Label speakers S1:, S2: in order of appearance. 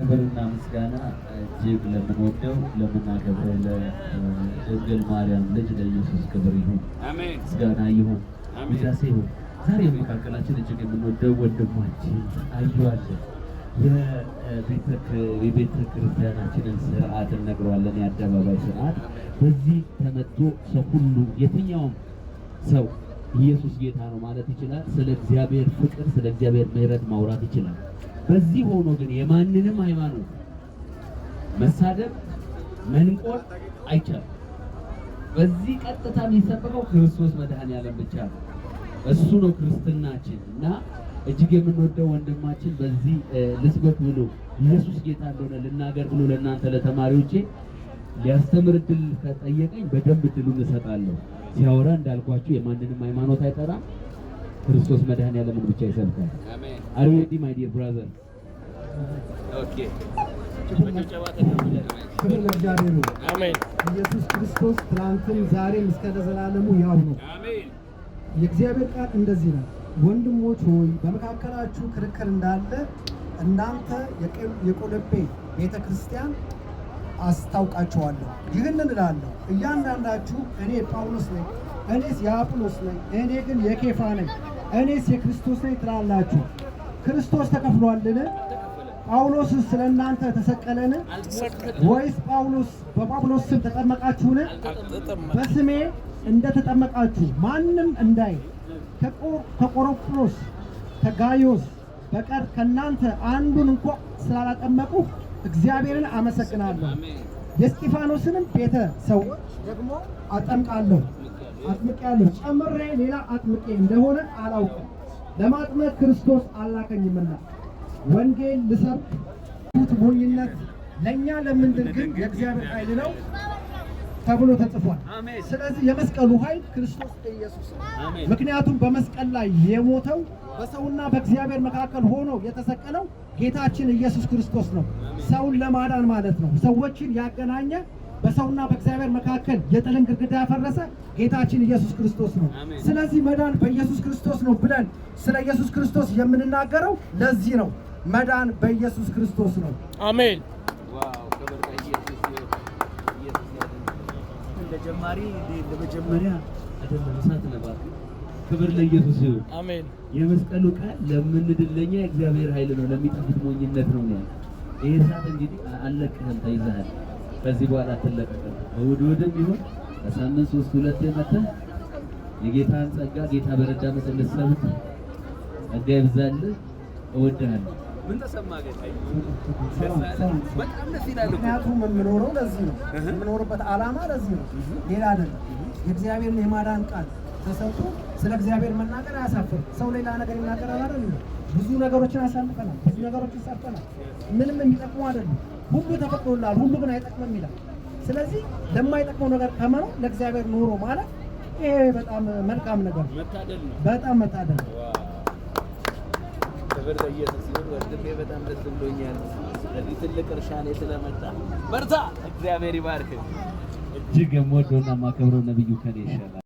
S1: ክብርና ምስጋና ጅብ ለምንወደው ለምናከብረው ለድንግል ማርያም ልጅ ለኢየሱስ ክብር ይሁን፣ ምስጋና ይሁን፣ ውዳሴ ይሁን። ዛሬ መካከላችን እጅግ የምንወደው ወንድማችን አየዋለን የቤተ ክርስቲያናችንን ስርዓት እነግረዋለን። የአደባባይ ስርዓት በዚህ ተመቶ ሰው ሁሉ የትኛውም ሰው ኢየሱስ ጌታ ነው ማለት ይችላል። ስለ እግዚአብሔር ፍቅር፣ ስለ እግዚአብሔር ምሕረት ማውራት ይችላል። በዚህ ሆኖ ግን የማንንም ሃይማኖት መሳደብ መንቆር አይቻልም። በዚህ ቀጥታ የሚሰበከው ክርስቶስ መድኃኔዓለም ብቻ ነው። እሱ ነው ክርስትናችን እና እጅግ የምንወደው ወንድማችን በዚህ ልስበት ብሎ ኢየሱስ ጌታ እንደሆነ ልናገር ብሎ ለእናንተ ለተማሪዎቼ ሊያስተምር እድል ከጠየቀኝ በደንብ እድሉን እሰጣለሁ። ሲያወራ እንዳልኳችሁ የማንንም ሃይማኖት አይጠራም። ክርስቶስ መድኃኔዓለምን ብቻ ይሰብካል። አርቤቲ ማይ ዲር ብራዘር ክብር ለእግዚአብሔር ነው። ኢየሱስ ክርስቶስ ትናንትም ዛሬም እስከ ዘላለሙ ያው ነው። የእግዚአብሔር ቃል እንደዚህ ነው፣ ወንድሞች ሆይ በመካከላችሁ ክርክር እንዳለ እናንተ የቆለቤ ቤተ ክርስቲያን አስታውቃችኋለሁ። ይህንን እላለሁ እያንዳንዳችሁ እኔ ጳውሎስ ነኝ፣ እኔስ የአጵሎስ ነኝ፣ እኔ ግን የኬፋ ነኝ፣ እኔስ የክርስቶስ ነኝ ትላላችሁ ክርስቶስ ተከፍሏልን? ጳውሎስስ ስለ እናንተ ተሰቀለን? ወይስ ጳውሎስ በጳውሎስ ስም ተጠመቃችሁን? በስሜ እንደተጠመቃችሁ ማንም እንዳይ ከቆሮፕሎስ ከጋዮስ በቀር ከእናንተ አንዱን እንኳ ስላላጠመቁ እግዚአብሔርን አመሰግናለሁ። የእስጢፋኖስንም ቤተ ሰው ደግሞ አጠምቃለሁ አጥምቄያለሁ። ጨምሬ ሌላ አጥምቄ እንደሆነ አላውቅም። ለማጥመቅ ክርስቶስ አላከኝምና ወንጌል ልሰብክ ት ሞኝነት ለእኛ ለምንድን ግን የእግዚአብሔር ኃይል ነው ተብሎ ተጽፏል። ስለዚህ የመስቀሉ ኃይል ክርስቶስ ኢየሱስ ነው። ምክንያቱም በመስቀል ላይ የሞተው በሰውና በእግዚአብሔር መካከል ሆኖ የተሰቀለው ጌታችን ኢየሱስ ክርስቶስ ነው። ሰውን ለማዳን ማለት ነው። ሰዎችን ያገናኘ በሰውና በእግዚአብሔር መካከል የጥልን ግድግዳ ያፈረሰ ጌታችን ኢየሱስ ክርስቶስ ነው። ስለዚህ መዳን በኢየሱስ ክርስቶስ ነው ብለን ስለ ኢየሱስ ክርስቶስ የምንናገረው ለዚህ ነው። መዳን በኢየሱስ ክርስቶስ ነው። አሜን። ለጀማሪ ለመጀመሪያ አይደለም እሳት ነበር። ክብር ለኢየሱስ ይሁን። አሜን። የመስቀሉ ቃል ለምንድለኛ እግዚአብሔር ኃይል ነው፣ ለሚጠፉት ሞኝነት ነው። ይሄ እሳት እንግዲህ አለቅህም፣ ተይዘሃል ከዚህ በኋላ አትለቀቅም። እሑድ እሑድም ቢሆን በሳምንት ሶስት ሁለት መተህ የጌታን ጸጋ ጌታ በረዳበት እንድትሰብክ ጸጋ ይብዛልህ። እወድሃለሁ። ምን ተሰማህ? በጣም ደስ ይላል። ምክንያቱም የምኖረው ለዚህ ነው። የምኖርበት ዓላማ ለዚህ ነው። ሌላ አይደለም። የእግዚአብሔርን የማዳን ቃል ተሰጡ። ስለ እግዚአብሔር መናገር አያሳፍር። ሰው ሌላ ነገር ይናገራል አይደል? ብዙ ነገሮችን አሳልፈናል፣ ብዙ ነገሮችን ሰርተናል። ምንም የሚጠቅሙ አይደሉም። ሁሉ ተፈቅዶላል፣ ሁሉ ግን አይጠቅምም ይላል። ስለዚህ ለማይጠቅመው ነገር ከመኖ ለእግዚአብሔር ኑሮ ማለት ይሄ በጣም መልካም ነገር፣ በጣም መታደል ነው።
S2: ክብር ለኢየሱስ ይሁን። ወንድሜ በጣም ደስ ብሎኛል።
S1: ስለዚህ ትልቅ እርሻ ነው ስለመጣ
S2: በርታ፣ እግዚአብሔር ይባርክ።
S1: እጅግ የምወደውና ማከብረው ነብዩ ከኔ ይሻላል።